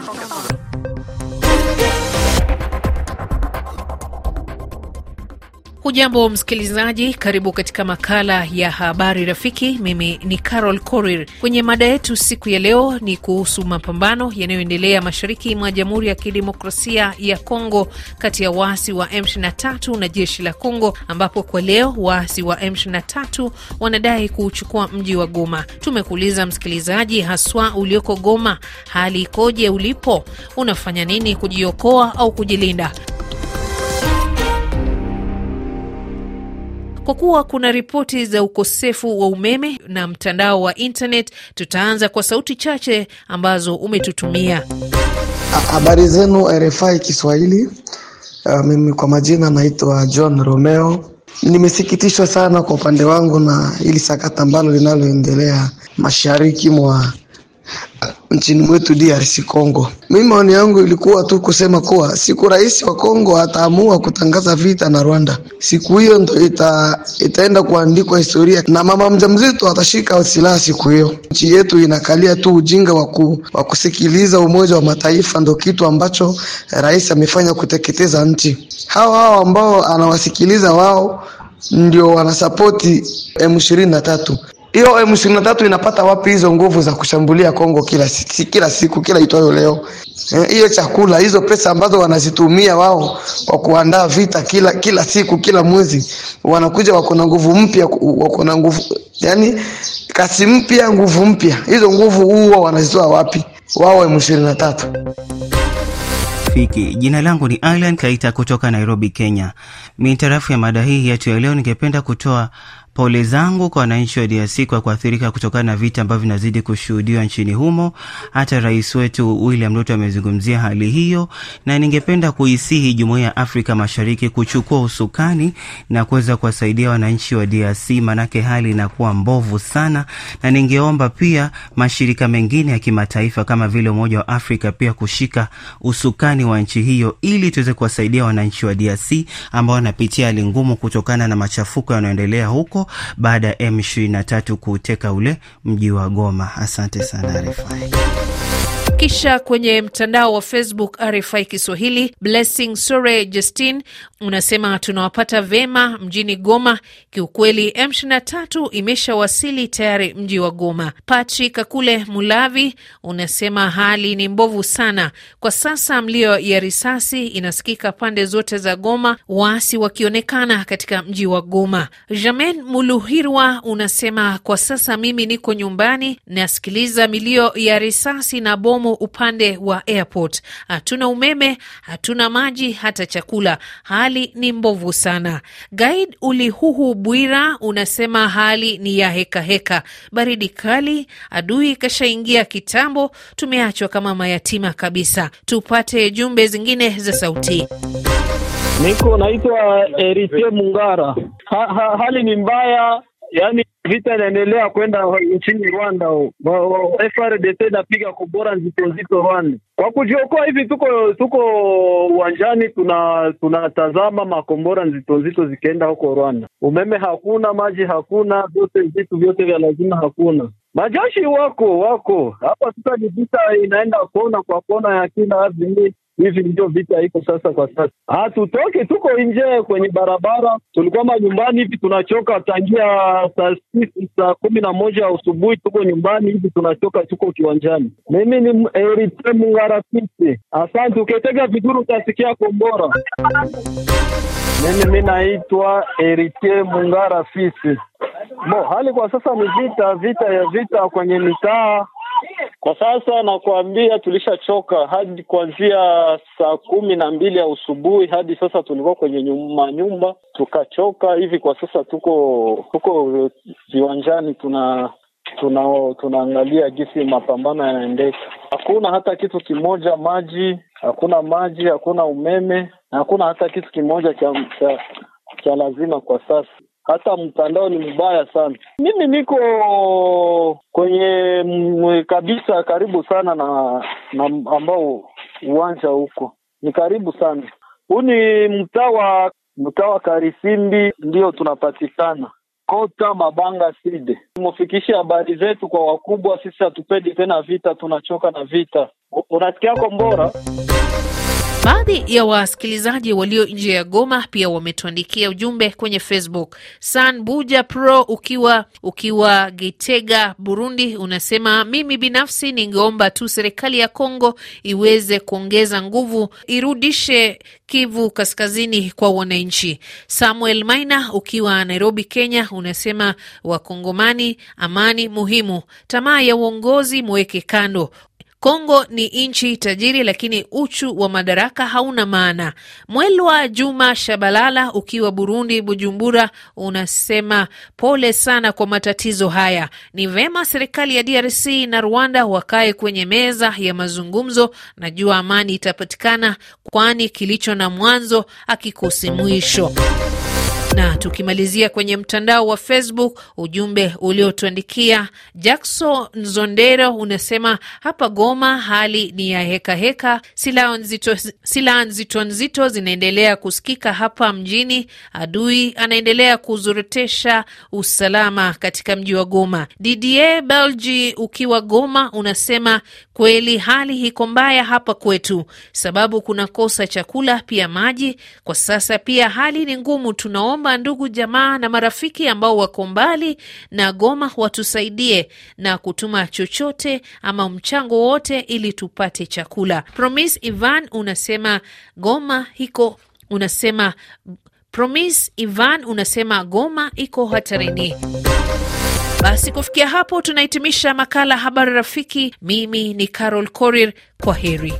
好，我看到 Hujambo msikilizaji, karibu katika makala ya habari rafiki. Mimi ni Carol Korir. Kwenye mada yetu siku ya leo ni kuhusu mapambano yanayoendelea mashariki mwa Jamhuri ya Kidemokrasia ya Kongo kati ya waasi wa M23 na jeshi la Kongo, ambapo kwa leo waasi wa M23 wanadai kuuchukua mji wa Goma. Tumekuuliza msikilizaji, haswa ulioko Goma, hali ikoje ulipo? Unafanya nini kujiokoa au kujilinda? Kwa kuwa kuna ripoti za ukosefu wa umeme na mtandao wa internet, tutaanza kwa sauti chache ambazo umetutumia. Habari zenu RFI Kiswahili. Uh, mimi kwa majina naitwa John Romeo. Nimesikitishwa sana kwa upande wangu na hili sakata ambalo linaloendelea mashariki mwa nchini mwetu DRC Congo. Mimi maoni yangu ilikuwa tu kusema kuwa siku rais wa Congo ataamua kutangaza vita na Rwanda, siku hiyo ndo ita, itaenda kuandikwa historia, na mama mjamzito atashika silaha siku hiyo. Nchi yetu inakalia tu ujinga wa kusikiliza Umoja wa Mataifa, ndo kitu ambacho rais amefanya kuteketeza nchi. Hao hao ambao anawasikiliza wao ndio wanasapoti M23 hiyo M23 inapata wapi hizo nguvu za kushambulia Kongo kila, kila siku kila itwayo leo? Eh, hiyo chakula, hizo pesa ambazo wanazitumia wao kwa kuandaa vita kila, kila siku kila mwezi, wanakuja wako na nguvu mpya, wako na nguvu yani kasi mpya, nguvu mpya. Hizo nguvu huwa wanazitoa wapi wao M23? Fiki. Jina langu ni Alan Kaita kutoka Nairobi, Kenya. Mintarafu ya mada hii yetu ya leo, ningependa kutoa Pole zangu kwa wananchi wa DRC kwa kuathirika kutokana na vita ambavyo vinazidi kushuhudiwa nchini humo. Hata rais wetu William Ruto amezungumzia hali hiyo, na ningependa kuisihi jumuiya ya Afrika Mashariki kuchukua usukani na kuweza kuwasaidia wananchi wa DRC, manake hali inakuwa mbovu sana, na ningeomba pia mashirika mengine ya kimataifa kama vile Umoja wa Afrika pia kushika usukani wa nchi hiyo ili tuweze kuwasaidia wananchi wa DRC ambao wanapitia hali ngumu kutokana na machafuko yanayoendelea huko baada ya M23 kuuteka ule mji wa Goma. Asante sana refai kisha kwenye mtandao wa Facebook RFI Kiswahili, Blessing Sore Justin unasema tunawapata vema mjini Goma. Kiukweli m 3 imeshawasili tayari mji wa Goma. Patrick Kakule Mulavi unasema hali ni mbovu sana kwa sasa, mlio ya risasi inasikika pande zote za Goma, waasi wakionekana katika mji wa Goma. Jamen Muluhirwa unasema kwa sasa mimi niko nyumbani, nasikiliza milio ya risasi na bomu upande wa airport. Hatuna umeme, hatuna maji, hata chakula. Hali ni mbovu sana. Guide Ulihuhu Bwira unasema hali ni ya hekaheka heka. Baridi kali, adui kashaingia kitambo, tumeachwa kama mayatima kabisa. Tupate jumbe zingine za sauti. Niko naitwa Eritie Mungara. Ha, ha, hali ni mbaya yani vita inaendelea kwenda nchini Rwanda. FRDC inapiga kombora nzito nzito Rwanda. Kwa kujiokoa hivi, tuko tuko uwanjani, tuna tunatazama makombora nzito nzito zikienda huko Rwanda. Umeme hakuna, maji hakuna, vyote vitu vyote vya lazima hakuna. Majeshi wako wako hapa, vita inaenda kona kwa kona ya kila azimii hivi ndio vita iko sasa. Kwa sasa Hatutoke, tuko nje kwenye barabara, tulikuwa manyumbani hivi, tunachoka tangia saa sita saa kumi na moja asubuhi, tuko nyumbani hivi, tunachoka, tuko kiwanjani. Mimi ni Erite asante. Ukitega vizuri utasikia kombora. Mimi mi naitwa Erite Mungarafisi. Bo, hali kwa sasa ni vita, vita ya vita kwenye mitaa kwa sasa nakuambia tulishachoka. Hadi kuanzia saa kumi na mbili ya usubuhi hadi sasa tulikuwa kwenye nyuma nyumba, tukachoka. Hivi kwa sasa tuko tuko viwanjani, tuna tunao tunaangalia jinsi mapambano yanaendeka. Hakuna hata kitu kimoja maji, hakuna maji, hakuna umeme, hakuna hata kitu kimoja cha cha, cha lazima kwa sasa hata mtandao ni mbaya sana. Mimi niko kwenye kabisa karibu sana na, na ambao uwanja huko ni karibu sana. Huu ni mtaa wa mtaa wa Karisimbi, ndio tunapatikana kota mabanga side. Tumefikisha habari zetu kwa wakubwa. Sisi hatupendi tena vita, tunachoka na vita. Unasikia kombora Baadhi ya wasikilizaji walio nje ya Goma pia wametuandikia ujumbe kwenye Facebook. San Buja Pro ukiwa ukiwa Gitega, Burundi, unasema mimi binafsi ningeomba tu serikali ya Kongo iweze kuongeza nguvu, irudishe Kivu Kaskazini kwa wananchi. Samuel Maina ukiwa Nairobi, Kenya, unasema Wakongomani, amani muhimu, tamaa ya uongozi mweke kando, Kongo ni nchi tajiri, lakini uchu wa madaraka hauna maana. Mwelwa Juma Shabalala ukiwa Burundi, Bujumbura, unasema pole sana kwa matatizo haya. Ni vema serikali ya DRC na Rwanda wakae kwenye meza ya mazungumzo, najua amani itapatikana, kwani kilicho na mwanzo akikosi mwisho. Na tukimalizia kwenye mtandao wa Facebook, ujumbe uliotuandikia Jackson Nzondero unasema hapa Goma hali ni ya hekaheka heka. Silaha nzito, silaha nzito nzito zinaendelea kusikika hapa mjini. Adui anaendelea kuzorotesha usalama katika mji wa Goma. DDA Belgi ukiwa Goma unasema kweli hali iko mbaya hapa kwetu, sababu kuna kosa chakula pia maji kwa sasa. Pia hali ni ngumu, tunaomba tunaomba ndugu jamaa na marafiki ambao wako mbali na Goma watusaidie na kutuma chochote ama mchango wote ili tupate chakula. Promise Ivan unasema Goma hiko unasema Promise Ivan unasema Goma iko hatarini. Basi kufikia hapo tunahitimisha makala habari rafiki. Mimi ni Carol Korir, kwa heri.